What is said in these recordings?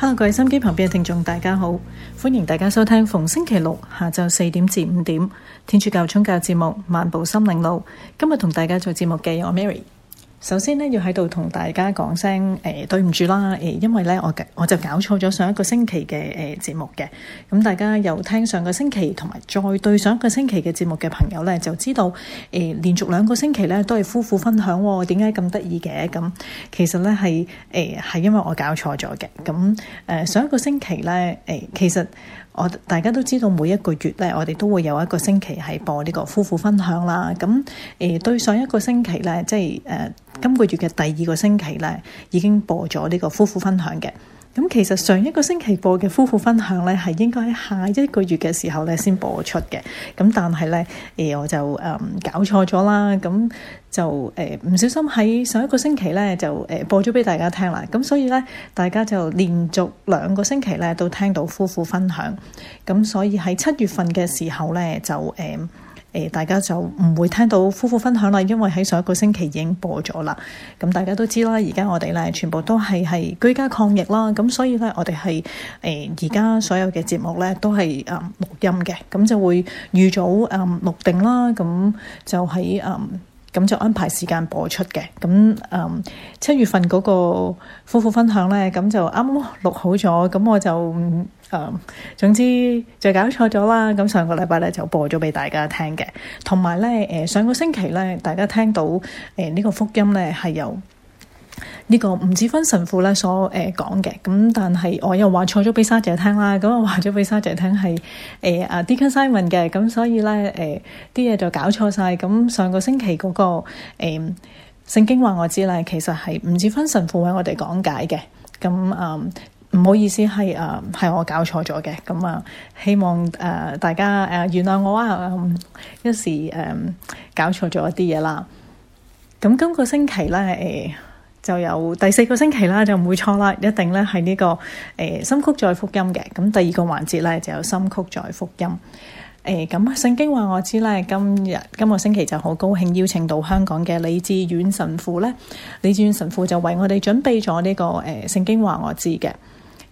哈！Hello, 各位收音機旁邊嘅聽眾，大家好，歡迎大家收聽逢星期六下午四點至五點天主教宗教節目《漫步心靈路》。今日同大家做節目嘅我 Mary。首先呢，要喺度同大家講聲誒，對唔住啦，誒、呃，因為咧，我我就搞錯咗上一個星期嘅誒節目嘅。咁大家又聽上個星期同埋再對上一個星期嘅節目嘅朋友咧，就知道誒、呃，連續兩個星期咧都係夫婦分享，哦。點解咁得意嘅？咁其實咧係誒係因為我搞錯咗嘅。咁誒、呃，上一個星期咧誒、呃，其實。我大家都知道，每一個月咧，我哋都會有一個星期係播呢個夫婦分享啦。咁誒、呃，對上一個星期咧，即係誒、呃、今個月嘅第二個星期咧，已經播咗呢個夫婦分享嘅。咁其實上一個星期播嘅夫婦分享咧，係應該喺下一個月嘅時候咧先播出嘅。咁但係咧，誒、呃、我就誒、嗯、搞錯咗啦。咁。就誒唔小心喺上一個星期咧，就誒播咗俾大家聽啦。咁所以咧，大家就連續兩個星期咧都聽到夫婦分享。咁所以喺七月份嘅時候咧，就誒誒大家就唔會聽到夫婦分享啦，因為喺上一個星期已經播咗啦。咁大家都知啦，而家我哋咧全部都係係居家抗疫啦。咁所以咧，我哋係誒而家所有嘅節目咧都係誒錄音嘅，咁就會預早誒錄定啦。咁就喺誒。咁就安排時間播出嘅，咁誒七月份嗰個夫婦分享咧，咁就啱啱錄好咗，咁我就誒、呃、總之就搞錯咗啦，咁上個禮拜咧就播咗俾大家聽嘅，同埋咧誒上個星期咧大、呃、大家聽到誒呢、呃呢個福音咧係有。呢個吳志芬神父咧所誒講嘅，咁，但係我又話錯咗俾沙姐聽啦。咁我話咗俾沙姐聽係誒阿 Dickinson 嘅，咁、啊、所以咧誒啲嘢就搞錯晒。咁上個星期嗰、那個誒聖經話我知啦，其實係吳志芬神父喺我哋講解嘅。咁啊唔好意思，係啊係我搞錯咗嘅。咁啊希望誒、呃、大家誒、呃、原諒我啊，一、嗯、時誒、呃、搞錯咗一啲嘢啦。咁今個星期咧誒。呃就有第四個星期啦，就唔會錯啦，一定咧係呢個誒、欸、深曲再福音嘅。咁第二個環節咧就有深曲再福音。誒咁聖經話我知咧，今日今個星期就好高興邀請到香港嘅李志遠神父咧。李志遠神父就為我哋準備咗呢、這個誒聖、欸、經話我知嘅。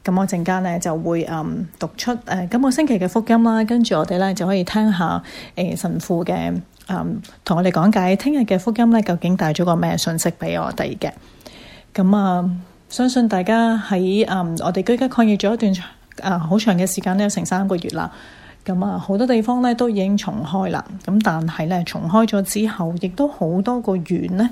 咁我陣間咧就會誒、嗯、讀出誒、呃、今個星期嘅福音啦。跟住我哋咧就可以聽下誒、欸、神父嘅誒同我哋講解聽日嘅福音咧，究竟帶咗個咩信息俾我哋嘅。咁啊、嗯，相信大家喺啊、嗯，我哋居家抗疫咗一段啊好長嘅時間呢，有成三個月啦。咁、嗯、啊，好多地方呢，都已經重開啦。咁、嗯、但係呢，重開咗之後亦都好多個縣呢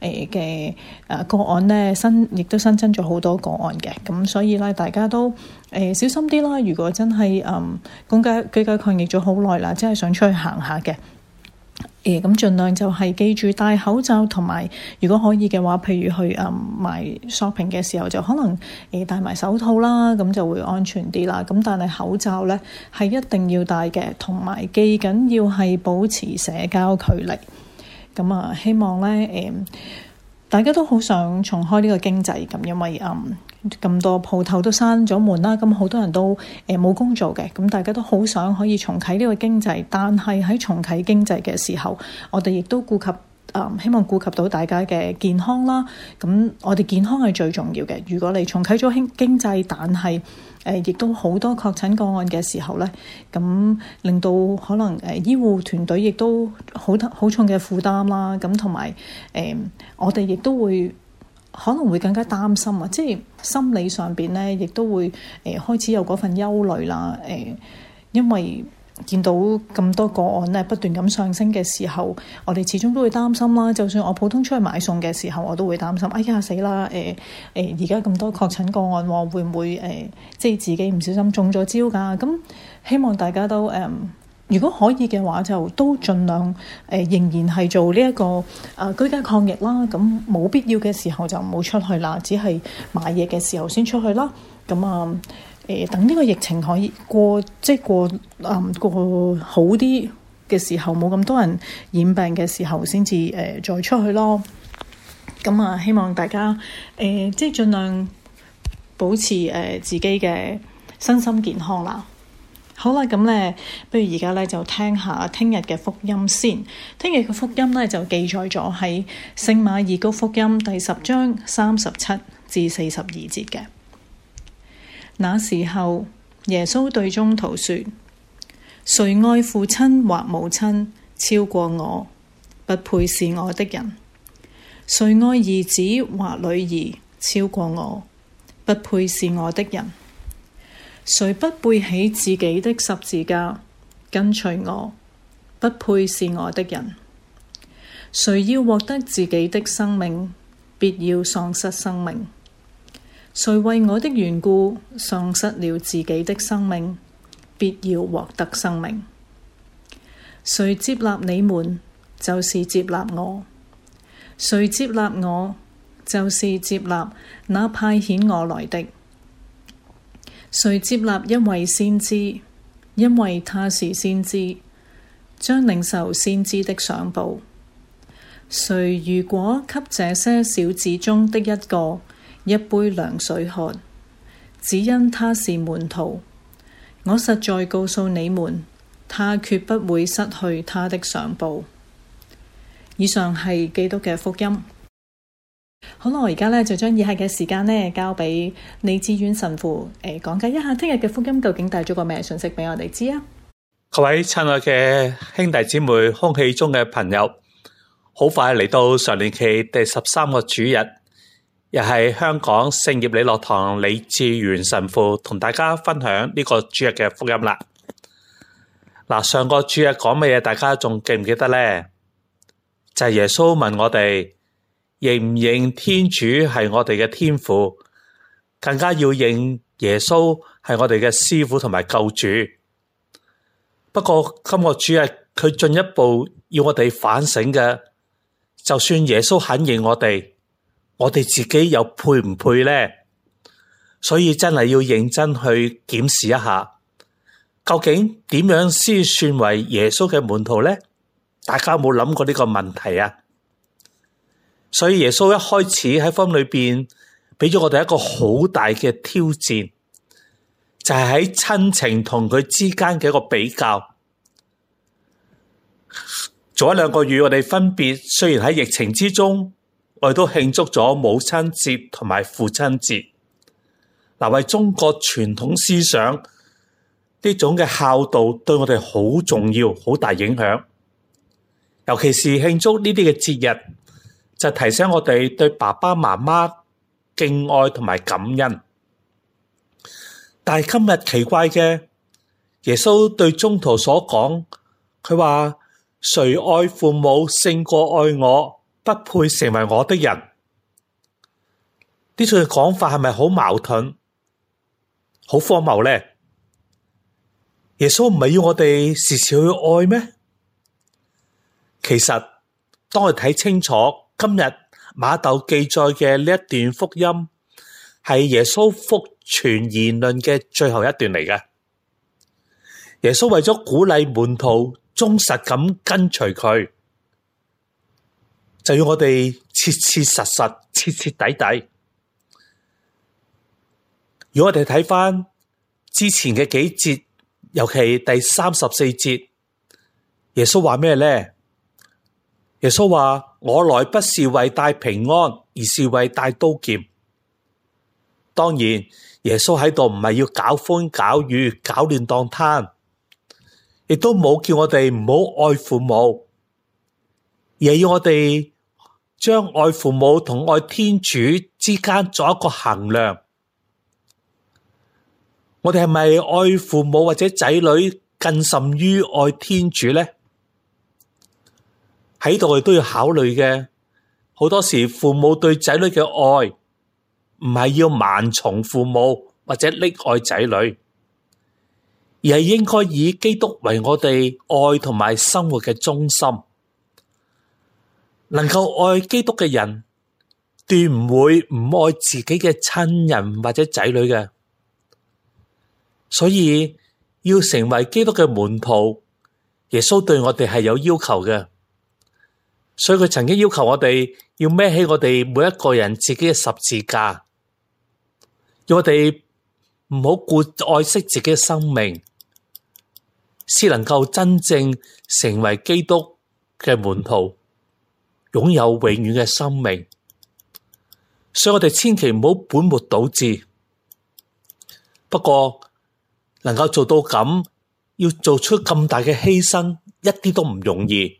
誒嘅、欸啊、個案呢，新，亦都新增咗好多個案嘅。咁、嗯、所以呢，大家都誒、欸、小心啲啦。如果真係嗯公家居家抗疫咗好耐啦，真係想出去行下嘅。咁，盡量就係記住戴口罩，同埋如果可以嘅話，譬如去誒、嗯、買 shopping 嘅時候，就可能誒戴埋手套啦，咁就會安全啲啦。咁但係口罩咧係一定要戴嘅，同埋記緊要係保持社交距離。咁啊，希望咧誒、嗯，大家都好想重開呢個經濟，咁因為誒、嗯咁多鋪頭都閂咗門啦，咁好多人都誒冇、呃、工做嘅，咁大家都好想可以重啟呢個經濟，但係喺重啟經濟嘅時候，我哋亦都顧及誒、呃，希望顧及到大家嘅健康啦。咁、嗯、我哋健康係最重要嘅。如果你重啟咗興經濟，但係誒亦都好多確診個案嘅時候咧，咁、嗯、令到可能誒、呃、醫護團隊亦都好好重嘅負擔啦。咁同埋誒，我哋亦都會。可能會更加擔心啊！即係心理上邊咧，亦都會誒、呃、開始有嗰份憂慮啦。誒、呃，因為見到咁多個案咧，不斷咁上升嘅時候，我哋始終都會擔心啦。就算我普通出去買餸嘅時候，我都會擔心。哎呀死啦！誒誒，而家咁多確診個案喎，會唔會誒、呃、即係自己唔小心中咗招㗎？咁、嗯、希望大家都誒。呃如果可以嘅話，就都盡量誒、呃，仍然係做呢、這、一個啊、呃、居家抗疫啦。咁、嗯、冇必要嘅時候就唔好出去啦，只係買嘢嘅時候先出去啦。咁啊誒，等呢個疫情可以過，即係過啊、呃、過好啲嘅時候，冇咁多人染病嘅時候，先至誒再出去咯。咁、嗯、啊、嗯，希望大家誒、呃、即係盡量保持誒、呃、自己嘅身心健康啦。好啦，咁咧，不如而家咧就聽下聽日嘅福音先。聽日嘅福音咧就記載咗喺聖馬爾谷福音第十章三十七至四十二節嘅。那時候耶穌對宗徒說：誰愛父親或母親超過我，不配是我的人；誰愛兒子或女兒超過我，不配是我的人。誰不背起自己的十字架，跟隨我，不配是我的人。誰要獲得自己的生命，必要喪失生命。誰為我的緣故喪失了自己的生命，必要獲得生命。誰接納你們，就是接納我；誰接納我，就是接納那派遣我來的。誰接納一位先知，因為他是先知，將領受先知的賞報。誰如果給這些小子中的一個一杯涼水喝，只因他是門徒，我實在告訴你們，他決不會失去他的賞報。以上係基督嘅福音。好啦，我而家咧就將以下嘅時間咧交俾李志遠神父誒講解一下，聽日嘅福音究竟帶咗個咩信息俾我哋知啊？各位親愛嘅兄弟姊妹、空氣中嘅朋友，好快嚟到上年期第十三個主日，又係香港聖業禮樂堂李志遠神父同大家分享呢個主日嘅福音啦。嗱，上個主日講乜嘢？大家仲記唔記得咧？就係耶穌問我哋。認唔認天主係我哋嘅天父，更加要認耶穌係我哋嘅師傅同埋救主。不過今個主日佢進一步要我哋反省嘅，就算耶穌肯認我哋，我哋自己又配唔配呢？所以真係要認真去檢視一下，究竟點樣先算為耶穌嘅門徒呢？大家有冇諗過呢個問題啊？所以耶穌一開始喺福音裏邊俾咗我哋一個好大嘅挑戰，就係喺親情同佢之間嘅一個比較。早一兩個月我哋分別，雖然喺疫情之中，我哋都慶祝咗母親節同埋父親節。嗱，為中國傳統思想呢種嘅孝道對我哋好重要，好大影響，尤其是慶祝呢啲嘅節日。就提醒我哋對爸爸媽媽敬愛同埋感恩，但係今日奇怪嘅耶穌對中途所講，佢話誰愛父母勝過愛我不配成為我的人，呢句講法係咪好矛盾、好荒謬呢？耶穌唔係要我哋時時去愛咩？其實當我哋睇清楚。今日馬竇記載嘅呢一段福音，係耶穌福傳言論嘅最後一段嚟嘅。耶穌為咗鼓勵門徒忠實咁跟隨佢，就要我哋切切實實、徹徹底底。如果我哋睇返之前嘅幾節，尤其第三十四節，耶穌話咩咧？耶穌話：我來不是為帶平安，而是為帶刀劍。當然，耶穌喺度唔係要搞風搞雨搞亂檔攤，亦都冇叫我哋唔好愛父母，而要我哋將愛父母同愛天主之間做一個衡量。我哋係咪愛父母或者仔女更甚於愛天主呢？」喺度，都要考慮嘅。好多時，父母對仔女嘅愛唔係要盲從父母或者溺愛仔女，而係應該以基督為我哋愛同埋生活嘅中心。能夠愛基督嘅人，斷唔會唔愛自己嘅親人或者仔女嘅。所以要成為基督嘅門徒，耶穌對我哋係有要求嘅。所以佢曾經要求我哋要孭起我哋每一個人自己嘅十字架，要我哋唔好顧愛惜自己嘅生命，先能夠真正成為基督嘅門徒，擁有永遠嘅生命。所以我哋千祈唔好本末倒置。不過能夠做到咁，要做出咁大嘅犧牲，一啲都唔容易。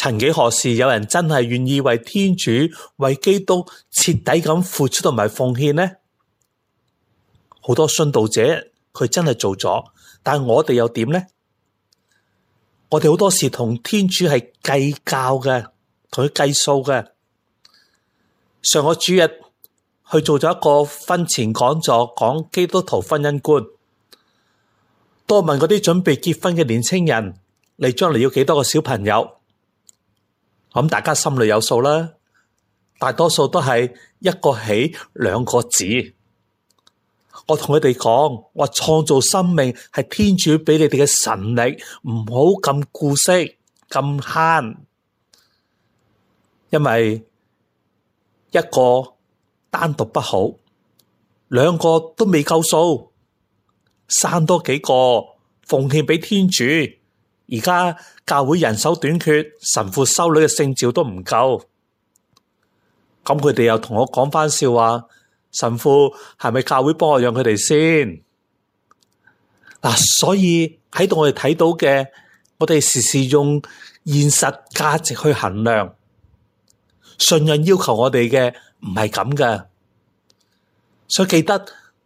曾幾何時，有人真係願意為天主、為基督徹底咁付出同埋奉獻呢？好多殉道者佢真係做咗，但係我哋又點呢？我哋好多時同天主係計較嘅，同佢計數嘅。上個主日去做咗一個婚前講座，講基督徒婚姻觀，多問嗰啲準備結婚嘅年青人，你將來要幾多個小朋友？咁大家心裏有數啦，大多數都係一個起兩個止。我同佢哋講話，創造生命係天主畀你哋嘅神力，唔好咁顧惜咁慳，因為一個單獨不好，兩個都未夠數，生多幾個奉獻畀天主。而家教會人手短缺，神父修女嘅聖召都唔夠，咁佢哋又同我講返笑話，神父係咪教會幫我養佢哋先？嗱，所以喺度我哋睇到嘅，我哋時時用現實價值去衡量，信任要求我哋嘅唔係咁㗎，所以記得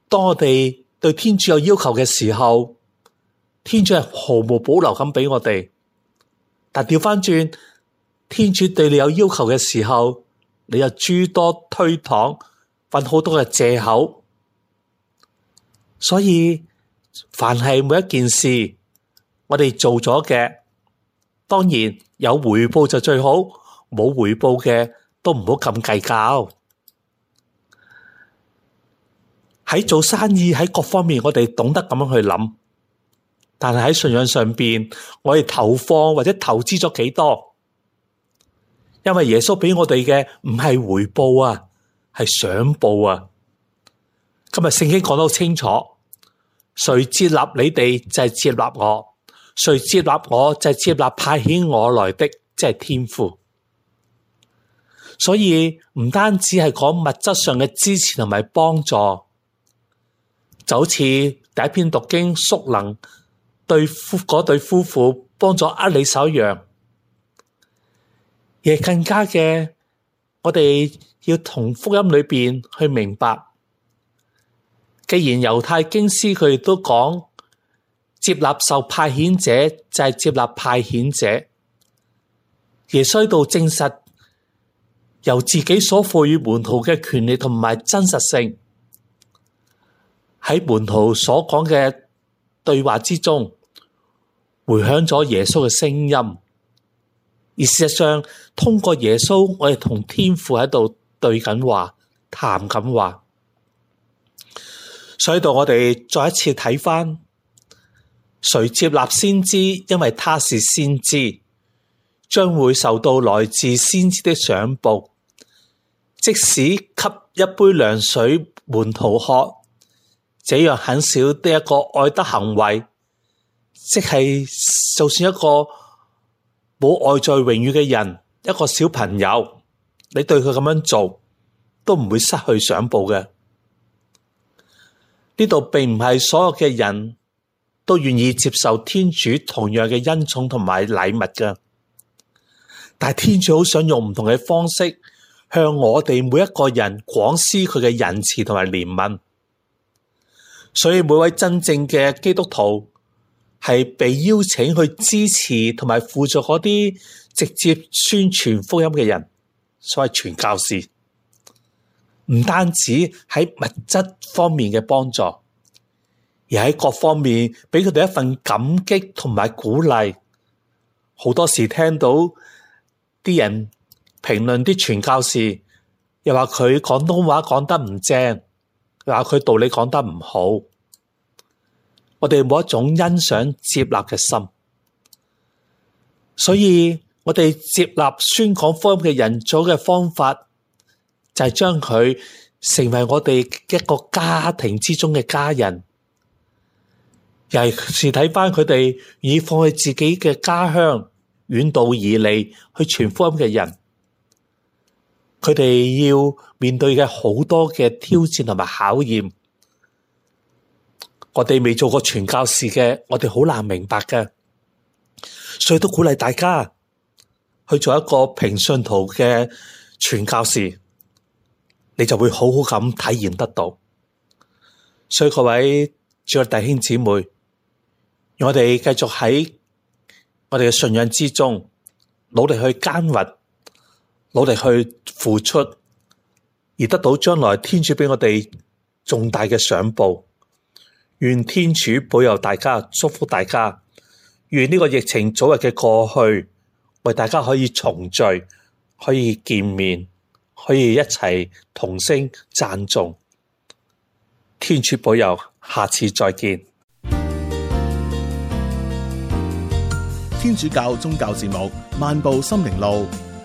當我哋對天主有要求嘅時候。天主係毫無保留咁畀我哋，但係調返轉，天主對你有要求嘅時候，你又諸多推搪，揾好多嘅借口。所以，凡係每一件事，我哋做咗嘅，當然有回報就最好，冇回報嘅都唔好咁計較。喺做生意，喺各方面，我哋懂得咁樣去諗。但係喺信仰上邊，我哋投放或者投資咗幾多？因為耶穌俾我哋嘅唔係回報啊，係上報啊。今日聖經講得好清楚，誰接納你哋就係接納我，誰接納我就係接納派遣我來的，即係天父。所以唔單止係講物質上嘅支持同埋幫助，就好似第一篇讀經，叔能。對夫嗰對夫婦幫助呃，你手一樣，亦更加嘅。我哋要同福音裏邊去明白，既然猶太經師佢哋都講，接納受派遣者就係接納派遣者，耶穌都證實由自己所賦予門徒嘅權利同埋真實性，喺門徒所講嘅，對話之中回響咗耶穌嘅聲音，而事實上通過耶穌，我哋同天父喺度對緊話談緊話，所以到我哋再一次睇返，誰接納先知，因為他是先知，將會受到來自先知嘅賞報，即使給一杯涼水滿肚喝。這樣很小的一個愛德行為，即係就算一個冇外在榮譽嘅人，一個小朋友，你對佢咁樣做，都唔會失去賞報嘅。呢度並唔係所有嘅人都願意接受天主同樣嘅恩寵同埋禮物嘅，但係天主好想用唔同嘅方式向我哋每一個人廣施佢嘅仁慈同埋憐憫。所以每位真正嘅基督徒係被邀請去支持同埋輔助嗰啲直接宣傳福音嘅人，所謂傳教士，唔單止喺物質方面嘅幫助，而喺各方面俾佢哋一份感激同埋鼓勵。好多時聽到啲人評論啲傳教士，又話佢廣東話講得唔正。嗱，佢道理講得唔好，我哋冇一種欣賞接納嘅心，所以我哋接納宣講福音嘅人組嘅方法，就係、是、將佢成為我哋一個家庭之中嘅家人，尤其是睇返佢哋願放棄自己嘅家鄉，遠道而嚟去傳福音嘅人。佢哋要面對嘅好多嘅挑戰同埋考驗，我哋未做過傳教士嘅，我哋好難明白嘅，所以都鼓勵大家去做一個平信徒嘅傳教士，你就會好好咁體驗得到。所以各位諸位弟兄姊妹，我哋繼續喺我哋嘅信仰之中努力去耕耘。努力去付出，而得到將來天主俾我哋重大嘅賞報。願天主保佑大家，祝福大家。願呢個疫情早日嘅過去，為大家可以重聚，可以見面，可以一齊同聲讚頌。天主保佑，下次再見。天主教宗教節目《漫步心靈路》。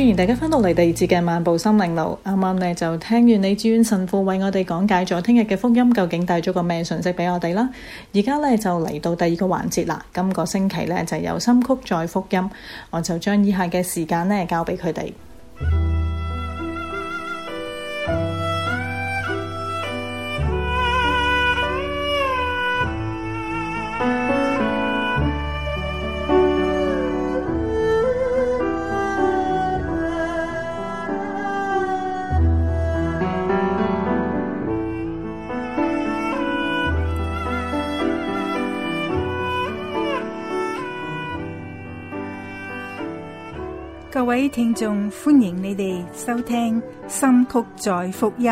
歡迎大家返到嚟第二節嘅漫步心靈路。啱啱咧就聽完李志願神父為我哋講解咗聽日嘅福音，究竟帶咗個咩信息俾我哋啦？而家咧就嚟到第二個環節啦。今個星期咧就有心曲再福音，我就將以下嘅時間咧交俾佢哋。聽眾，歡迎你哋收聽《心曲在福音》，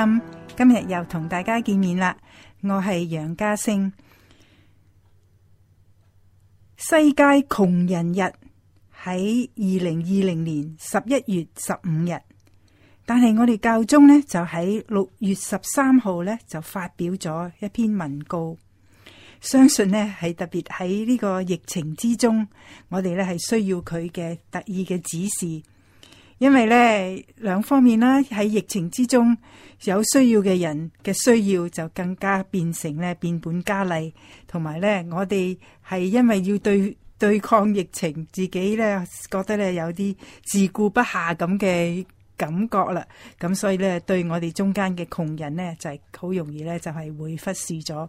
今日又同大家見面啦！我係楊家勝。世界窮人日喺二零二零年十一月十五日，但係我哋教宗呢就喺六月十三號呢就發表咗一篇文告，相信呢係特別喺呢個疫情之中，我哋呢係需要佢嘅特意嘅指示。因為咧兩方面啦，喺疫情之中有需要嘅人嘅需要就更加變成咧變本加厲，同埋咧我哋係因為要對對抗疫情，自己咧覺得咧有啲自顧不暇咁嘅感覺啦，咁所以咧對我哋中間嘅窮人咧就係好容易咧就係會忽視咗。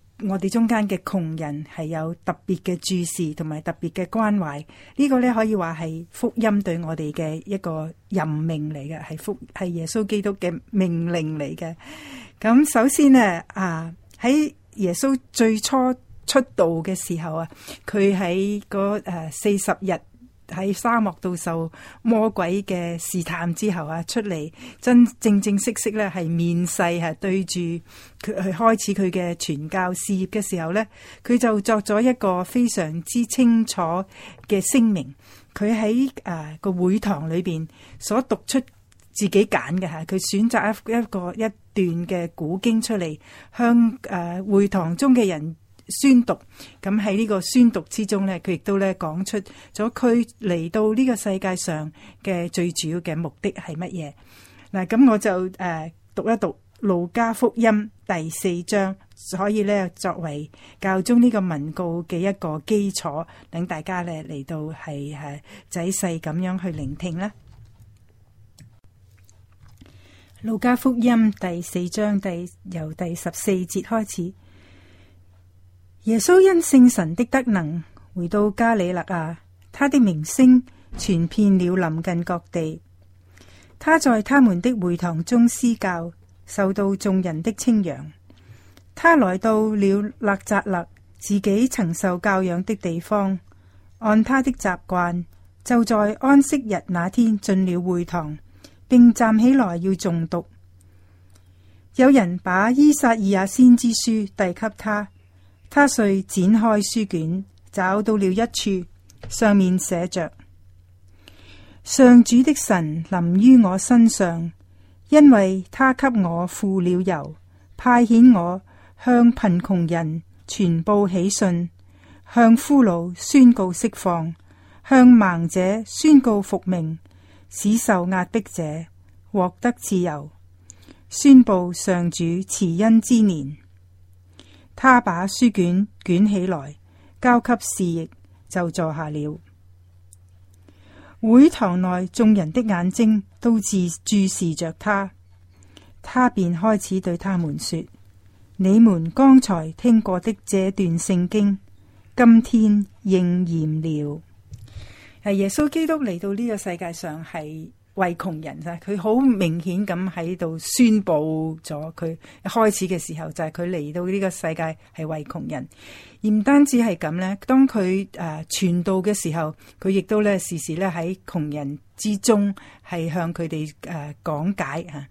我哋中間嘅窮人係有特別嘅注視同埋特別嘅關懷，呢個咧可以話係福音對我哋嘅一個任命嚟嘅，係福係耶穌基督嘅命令嚟嘅。咁首先呢，啊，喺耶穌最初出道嘅時候啊，佢喺嗰誒四十日。喺沙漠度受魔鬼嘅試探之後啊，出嚟真正正式式咧，係面世，係對住佢去開始佢嘅傳教事業嘅時候咧，佢就作咗一個非常之清楚嘅聲明。佢喺誒個會堂裏邊所讀出自己揀嘅吓，佢選擇一一個一段嘅古經出嚟，向誒、呃、會堂中嘅人宣讀，咁喺呢個宣讀之中呢，佢亦都咧講出咗佢嚟到呢個世界上嘅最主要嘅目的係乜嘢？嗱，咁我就誒讀一讀路加福音第四章，可以咧作為教宗呢個文告嘅一個基礎，等大家咧嚟到係係仔細咁樣去聆聽啦。路加福音第四章第由第十四節開始。耶穌因聖神的德能回到加里肋亞，他的名聲傳遍了臨近各地。他在他們的會堂中施教，受到眾人的稱揚。他來到了納匝肋自己曾受教養的地方，按他的習慣，就在安息日那天進了會堂，並站起來要誦讀。有人把依撒意亞先知書遞給他。他遂展開書卷，找到了一處，上面寫着：上主的神臨於我身上，因為他給我付了油，派遣我向貧窮人傳報喜訊，向俘虜宣告釋放，向盲者宣告復明，使受壓迫者獲得自由，宣布上主慈恩之年。他把書卷捲起來，交給侍役，就坐下了。會堂內眾人的眼睛都注視着他，他便開始對他們說：你們剛才聽過的這段聖經，今天應驗了。耶穌基督嚟到呢個世界上係。為窮人啊！佢好明顯咁喺度宣布咗佢開始嘅時候，就係佢嚟到呢個世界係為窮人，而唔單止係咁咧。當佢誒傳道嘅時候，佢亦都咧時時咧喺窮人之中係向佢哋誒講解吓。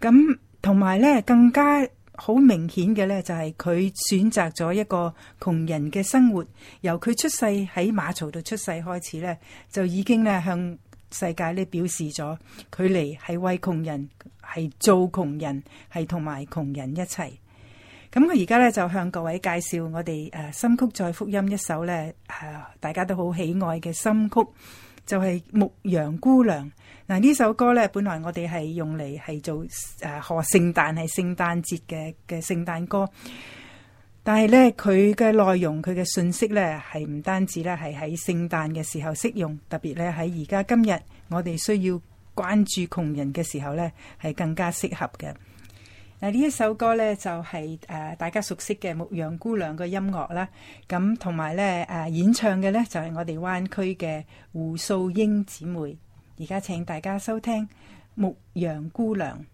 咁同埋咧更加好明顯嘅咧，就係、是、佢選擇咗一個窮人嘅生活，由佢出世喺馬槽度出世開始咧，就已經咧向。世界呢表示咗，佢嚟係為窮人，係做窮人，係同埋窮人一齊。咁佢而家呢，就向各位介紹我哋誒新曲再福音一首呢，誒、啊、大家都好喜愛嘅新曲就係、是《牧羊姑娘》。嗱、啊、呢首歌呢，本來我哋係用嚟係做誒賀聖誕係聖誕節嘅嘅聖誕歌。但係咧，佢嘅內容，佢嘅信息咧，係唔單止咧係喺聖誕嘅時候適用，特別咧喺而家今日我哋需要關注窮人嘅時候咧，係更加適合嘅。嗱、啊，呢一首歌咧就係、是、誒、啊、大家熟悉嘅《牧羊姑娘》嘅音樂啦，咁同埋咧誒演唱嘅咧就係、是、我哋灣區嘅胡素英姊妹。而家請大家收聽《牧羊姑娘》。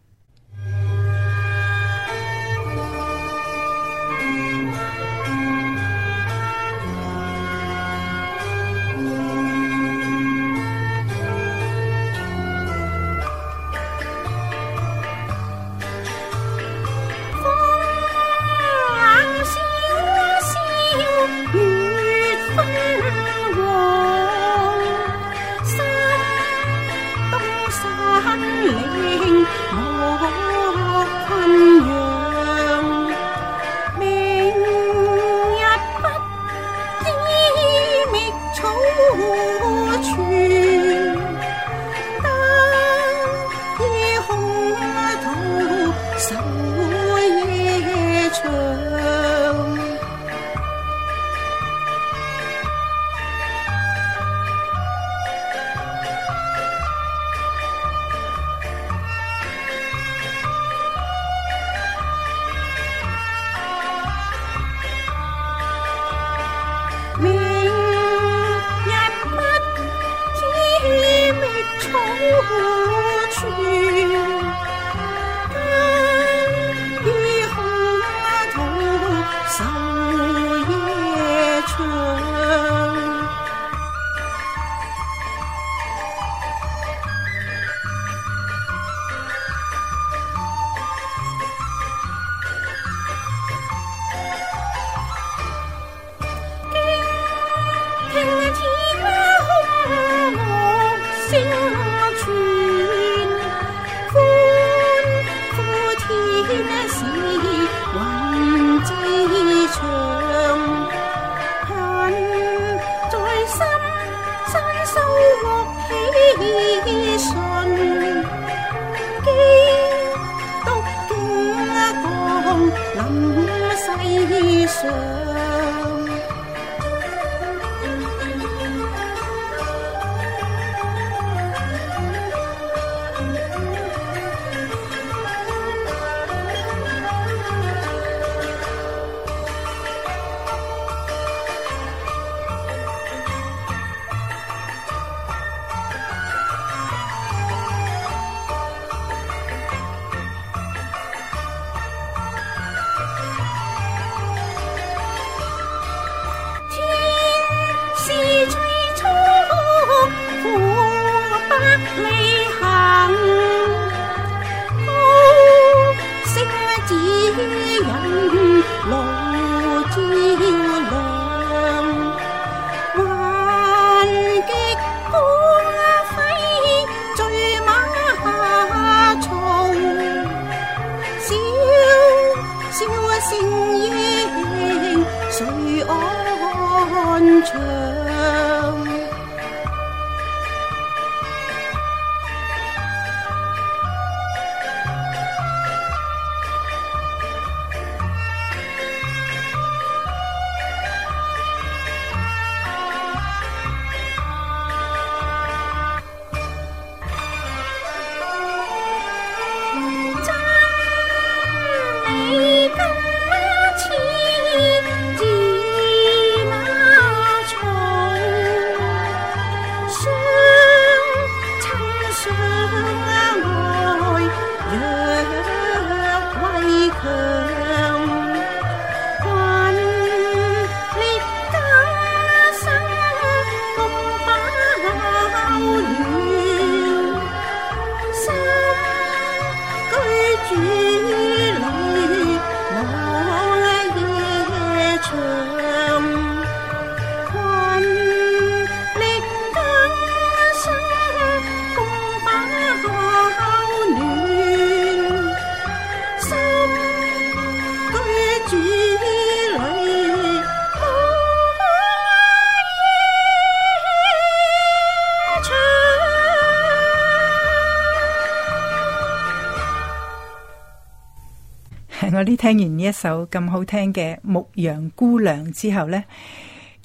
聽完呢一首咁好聽嘅《牧羊姑娘》之後咧，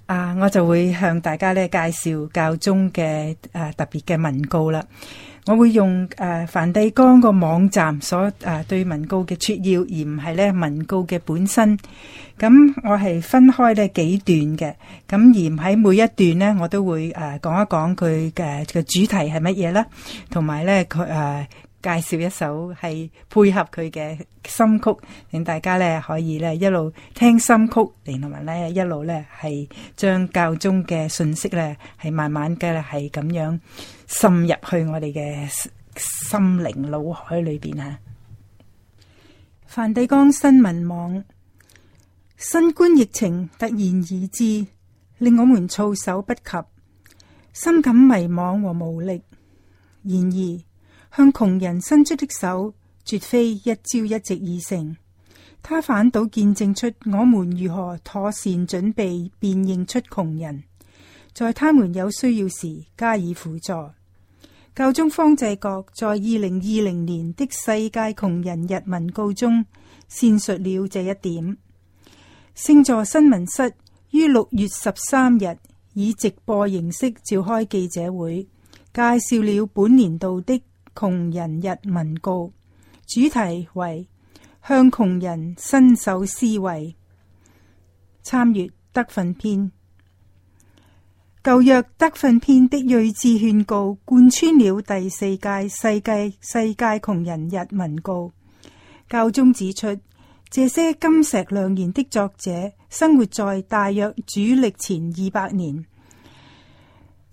啊，我就會向大家咧介紹教宗嘅誒特別嘅文告啦。我會用誒梵蒂岡個網站所誒對文告嘅撮要，而唔係咧文告嘅本身。咁我係分開咧幾段嘅，咁而喺每一段咧，我都會誒講一講佢嘅嘅主題係乜嘢啦，同埋咧佢誒。介紹一首係配合佢嘅心曲，令大家咧可以咧一路聽心曲，連同埋咧一路咧係將教宗嘅信息咧係慢慢嘅係咁樣滲入去我哋嘅心靈腦海裏邊啊！梵蒂岡新聞網，新冠疫情突然而至，令我們措手不及，深感迷惘和無力。然而，向窮人伸出的手，絕非一朝一夕而成。他反倒見證出我們如何妥善準備，辨認出窮人，在他們有需要時加以輔助。教宗方濟各在二零二零年的世界窮人日文告中，闡述了這一點。星座新聞室於六月十三日以直播形式召開記者會，介紹了本年度的。窮人日文告主題為向窮人伸手施惠，參閱德訓篇。舊約德訓篇的睿智勸告，貫穿了第四屆世界世界窮人日文告。教宗指出，這些金石良言的作者生活在大約主曆前二百年，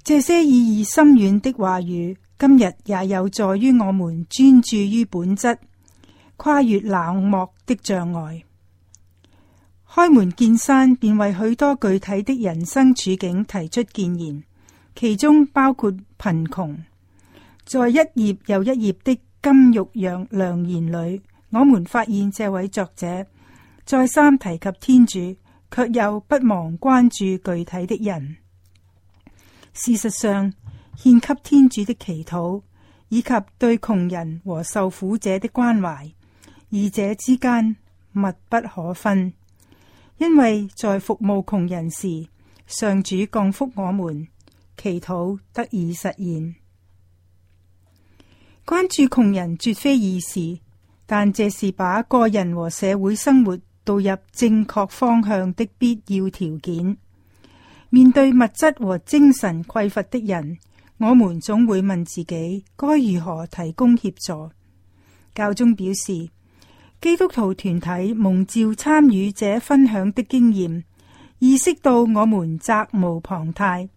這些意義深遠的話語。今日也有助於我們專注於本質，跨越冷漠的障礙。開門見山，便為許多具體的人生處境提出建言，其中包括貧窮。在一頁又一頁的金玉良良言裏，我們發現這位作者再三提及天主，卻又不忘關注具體的人。事實上。獻給天主的祈禱，以及對窮人和受苦者的關懷，二者之間密不可分。因為在服務窮人時，上主降福我們，祈禱得以實現。關注窮人絕非易事，但這是把個人和社會生活導入正確方向的必要條件。面對物質和精神匱乏的人，我們總會問自己該如何提供協助。教宗表示，基督徒團體蒙召參與者分享的經驗，意識到我們責無旁貸。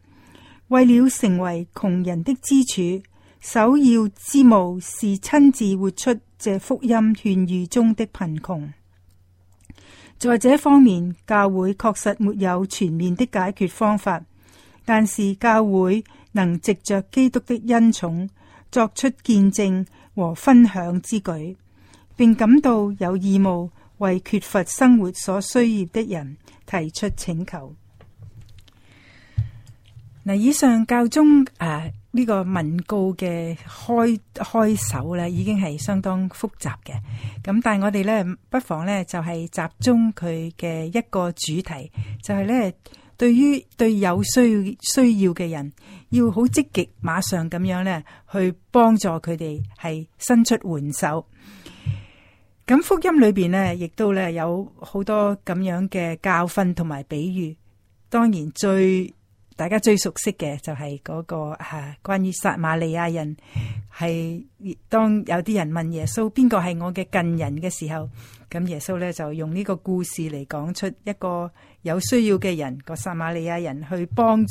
為了成為窮人的支柱，首要之務是親自活出這福音勸諭中的貧窮。在這方面，教會確實沒有全面的解決方法，但是教會。能藉着基督的恩寵作出見證和分享之舉，並感到有義務為缺乏生活所需要的人提出請求。嗱，以上教宗誒呢、啊呢個文告嘅開開首呢，已經係相當複雜嘅。咁但係我哋呢，不妨呢就係集中佢嘅一個主題，就係呢。對於對於有需要需要嘅人，要好積極，馬上咁樣咧去幫助佢哋，係伸出援手。咁福音裏邊呢，亦都咧有好多咁樣嘅教訓同埋比喻。當然最大家最熟悉嘅就係嗰個啊，關於撒瑪利亞人係當有啲人問耶穌邊個係我嘅近人嘅時候。咁耶穌咧就用呢個故事嚟講出一個有需要嘅人，個撒瑪利亞人去幫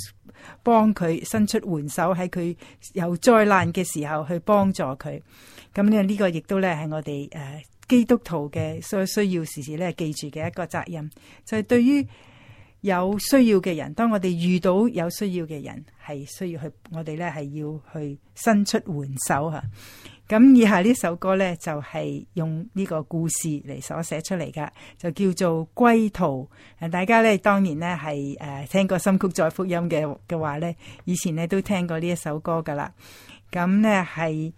幫佢伸出援手，喺佢有災難嘅時候去幫助佢。咁咧呢個亦都咧係我哋誒基督徒嘅所需要時時咧記住嘅一個責任，就係對於有需要嘅人，當我哋遇到有需要嘅人，係需要去我哋咧係要去伸出援手吓。咁以下呢首歌咧就係用呢個故事嚟，所寫出嚟噶，就叫做《歸途》。大家咧當然咧係誒聽過《心曲再福音》嘅嘅話咧，以前咧都聽過呢一首歌噶啦。咁咧係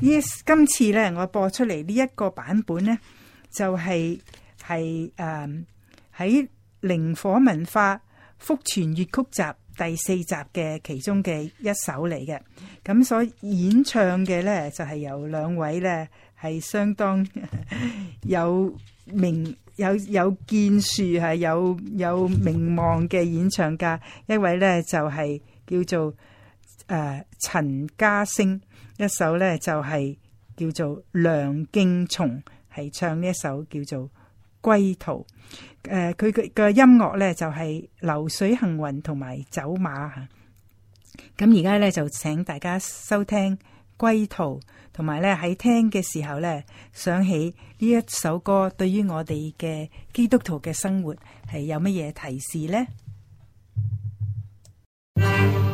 呢，今次咧我播出嚟呢一個版本咧、就是，就係係誒喺靈火文化福傳粵曲集。第四集嘅其中嘅一首嚟嘅，咁所演唱嘅咧就係、是、有兩位咧係相當有名有有建樹係有有名望嘅演唱家，一位咧就係、是、叫做誒陳嘉升，一首咧就係、是、叫做梁敬松，係唱呢一首叫做。歸途，誒，佢、呃、嘅音樂呢就係、是、流水行雲同埋走馬吓。咁而家呢，就請大家收聽歸途，同埋呢喺聽嘅時候呢，想起呢一首歌，對於我哋嘅基督徒嘅生活係有乜嘢提示呢？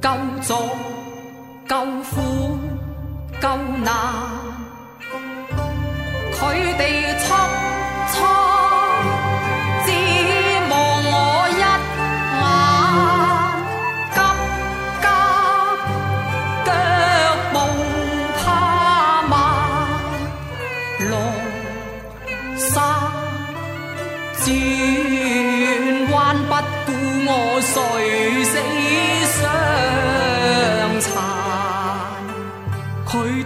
救助、救苦、救難，佢哋出。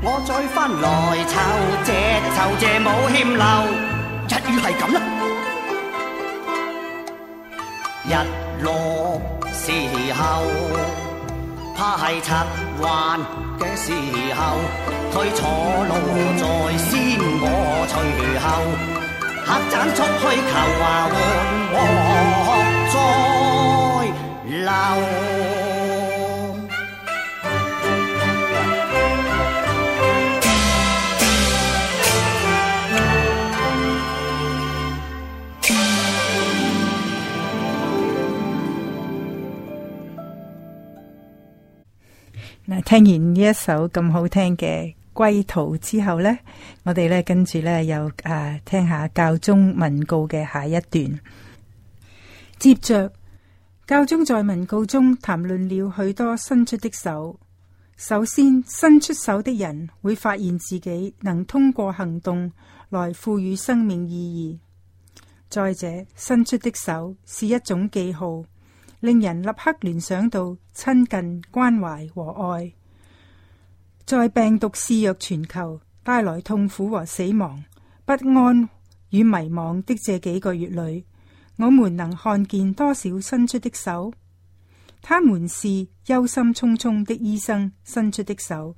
我再翻來酬謝酬謝冇欠漏，一於係咁啦。日落時候，怕係拆還嘅時候，推坐路在先，我隨後，客棧出去求話換我，我，我再留。聽完呢一首咁好聽嘅《歸途》之後呢，我哋咧跟住咧又啊聽下教宗文告嘅下一段。接着，教宗在文告中談論了許多伸出的手。首先，伸出手的人會發現自己能通過行動來賦予生命意義。再者，伸出的手是一種記號。令人立刻聯想到親近、關懷和愛。在病毒肆虐全球、帶來痛苦和死亡、不安與迷茫的這幾個月裏，我們能看見多少伸出的手？他們是憂心忡忡的醫生伸出的手，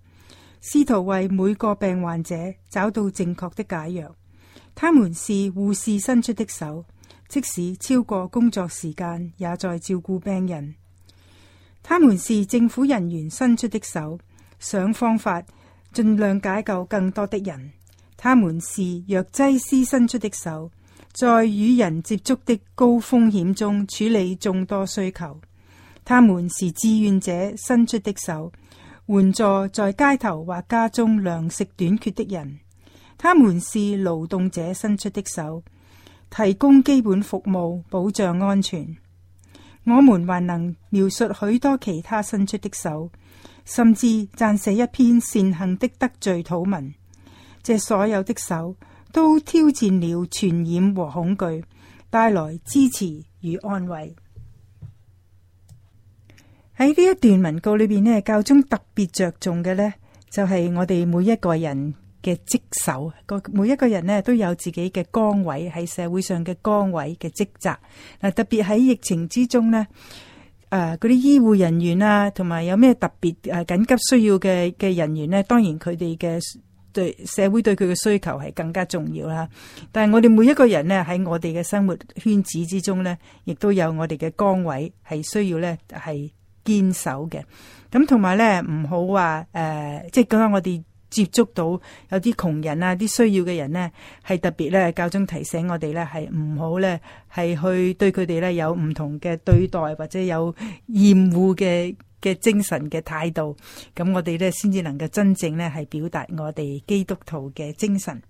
試圖為每個病患者找到正確的解藥。他們是護士伸出的手。即使超過工作時間，也在照顧病人。他們是政府人員伸出的手，想方法盡量解救更多的人。他們是藥劑師伸出的手，在與人接觸的高風險中處理眾多需求。他們是志願者伸出的手，援助在街頭或家中糧食短缺的人。他們是勞動者伸出的手。提供基本服務，保障安全。我們還能描述許多其他伸出的手，甚至撰寫一篇善行的得罪土文。這所有的手都挑戰了傳染和恐懼，帶來支持與安慰。喺呢一段文告裏邊呢，教宗特別着重嘅呢，就係我哋每一個人，嘅職守，個每一個人呢都有自己嘅崗位，喺社會上嘅崗位嘅職責。嗱，特別喺疫情之中呢，誒嗰啲醫護人員啊，同埋有咩特別誒緊急需要嘅嘅人員呢，當然佢哋嘅對社會對佢嘅需求係更加重要啦。但係我哋每一個人呢，喺我哋嘅生活圈子之中呢，亦都有我哋嘅崗位係需要呢，係堅守嘅。咁同埋呢，唔好話誒、呃，即係講我哋，接觸到有啲窮人啊，啲需要嘅人呢，係特別咧，教宗提醒我哋咧，係唔好咧，係去對佢哋咧有唔同嘅對待，或者有厭惡嘅嘅精神嘅態度。咁我哋咧先至能夠真正咧係表達我哋基督徒嘅精神。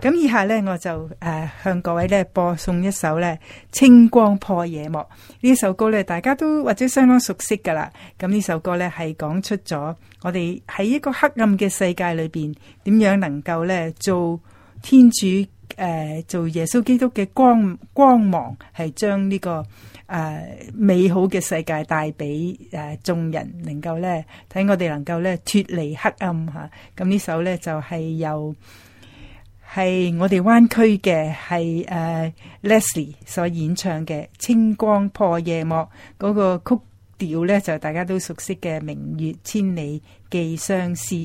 咁以下呢，我就誒、呃、向各位咧播送一首呢《清光破夜幕》呢首歌呢，大家都或者相當熟悉噶啦。咁呢首歌呢，係講出咗我哋喺一個黑暗嘅世界裏邊，點樣能夠呢做天主誒、呃、做耶穌基督嘅光光芒，係將呢個誒、呃、美好嘅世界帶俾誒眾人，能夠呢睇我哋能夠呢脫離黑暗吓。咁、啊、呢首呢，就係、是、由。係我哋灣區嘅，係誒 Leslie 所演唱嘅《清光破夜幕》，嗰、嗰個曲調咧，就大家都熟悉嘅《明月千里寄相思》。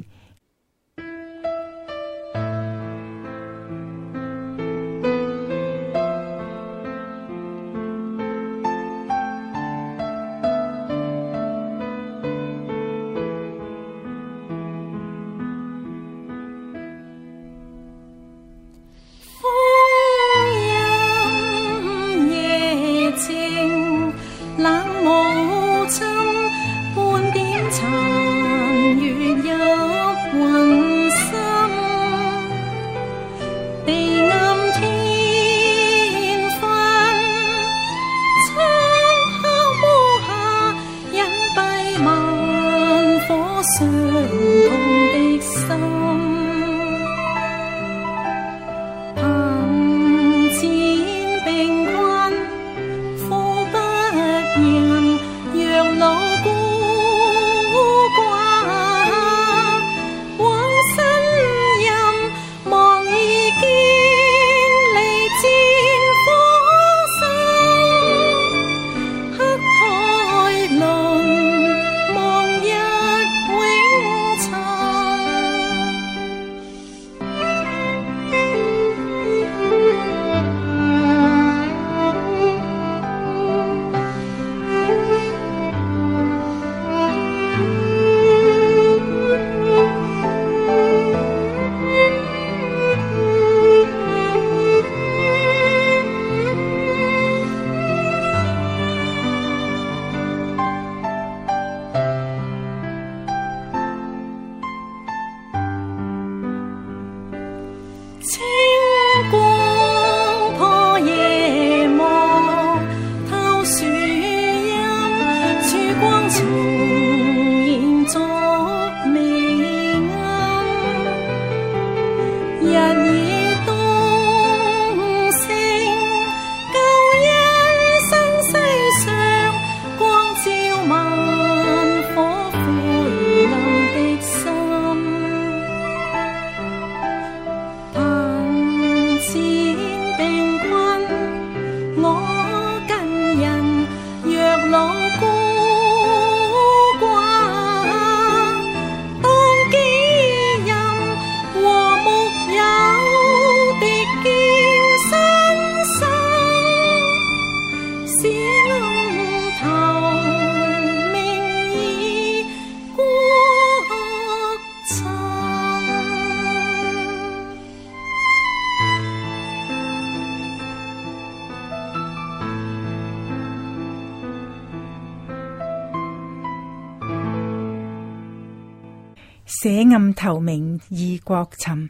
捨暗投明，以國尋。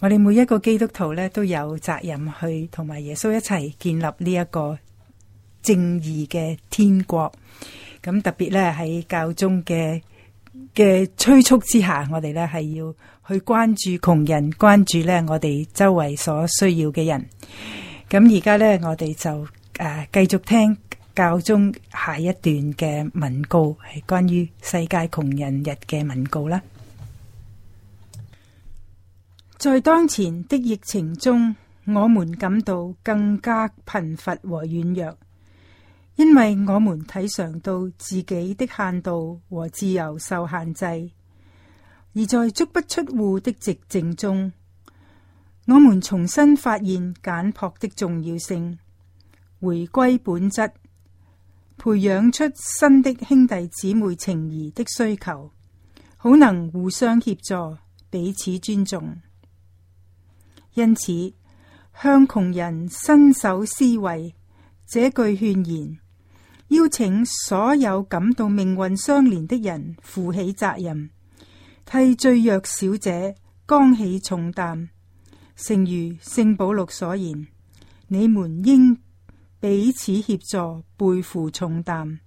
我哋每一個基督徒咧，都有責任去同埋耶穌一齊建立呢一個正義嘅天國。咁特別咧，喺教宗嘅嘅催促之下，我哋咧係要去關注窮人，關注咧我哋周圍所需要嘅人。咁而家呢，我哋就誒繼、呃、續聽教宗下一段嘅文告，係關於世界窮人日嘅文告啦。在當前的疫情中，我們感到更加貧乏和軟弱，因為我們體嘗到自己的限度和自由受限制；而在足不出戶的寂靜中，我們重新發現簡樸的重要性，回歸本質，培養出新的兄弟姊妹情誼的需求，好能互相協助，彼此尊重。因此，向窮人伸手施惠，這句勸言，邀請所有感到命運相連的人負起責任，替最弱小者扛起重擔。正如聖保祿所言，你們應彼此協助，背負重擔，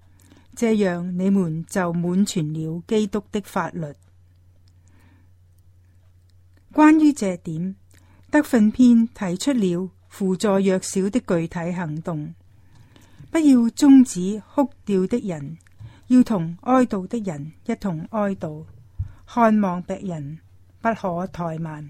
這樣你們就滿全了基督的法律。關於這點。德訓篇提出了輔助弱小的具體行動，不要終止哭掉的人，要同哀悼的人一同哀悼，看望病人不可怠慢。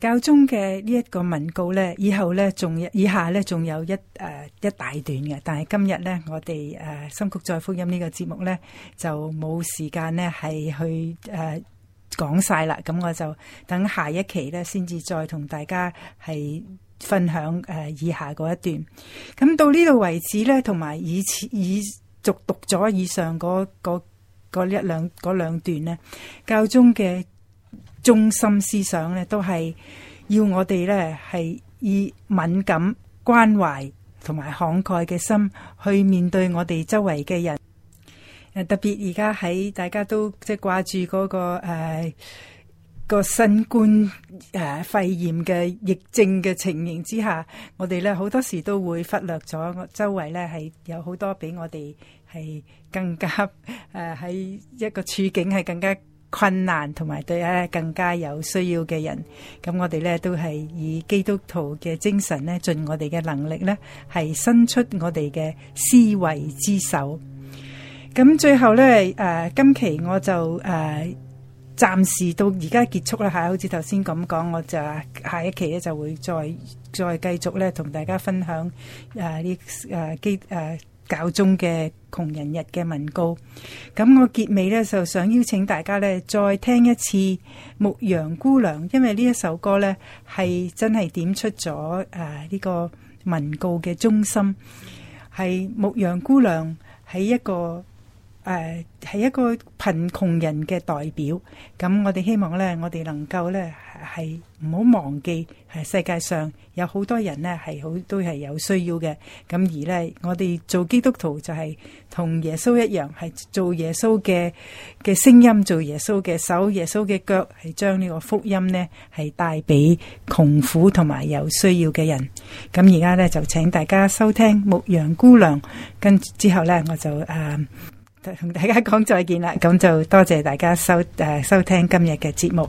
教宗嘅呢一個文告呢，以後呢，仲以下呢，仲有一誒、呃、一大段嘅，但係今日呢，我哋誒、呃、心曲再福音呢個節目呢，就冇時間呢，係去誒。講晒啦，咁我就等下一期咧，先至再同大家係分享誒以下嗰一段。咁到呢度為止咧，同埋以前以續讀咗以上嗰嗰嗰一兩嗰兩段咧，教宗嘅中心思想咧，都係要我哋咧係以敏感、關懷同埋慷慨嘅心去面對我哋周圍嘅人。特別而家喺大家都即係掛住嗰個誒、啊、個新冠誒、啊、肺炎嘅疫症嘅情形之下，我哋咧好多時都會忽略咗周圍咧係有好多比我哋係更加誒喺、啊、一個處境係更加困難，同埋對咧更加有需要嘅人。咁我哋咧都係以基督徒嘅精神咧，盡我哋嘅能力咧，係伸出我哋嘅施惠之手。咁最後咧，誒，今期我就誒，暫時到而家結束啦。吓，好似頭先咁講，我就下一期咧就會再再繼續咧，同大家分享誒呢誒基誒教宗嘅窮人日嘅文告。咁我結尾咧就想邀請大家咧再聽一次牧羊姑娘，因為呢一首歌咧係真係點出咗誒呢個文告嘅中心，係牧羊姑娘喺一個。誒，係、呃、一個貧窮人嘅代表，咁我哋希望呢，我哋能夠呢，係唔好忘記，係世界上有好多人呢，係好都係有需要嘅，咁而呢，我哋做基督徒就係同耶穌一樣，係做耶穌嘅嘅聲音，做耶穌嘅手，耶穌嘅腳，係將呢個福音呢，係帶俾窮苦同埋有需要嘅人。咁而家呢，就請大家收聽《牧羊姑娘》，跟住之後呢，我就誒。呃同大家講再見啦，咁就多謝大家收誒、啊、收聽今日嘅節目。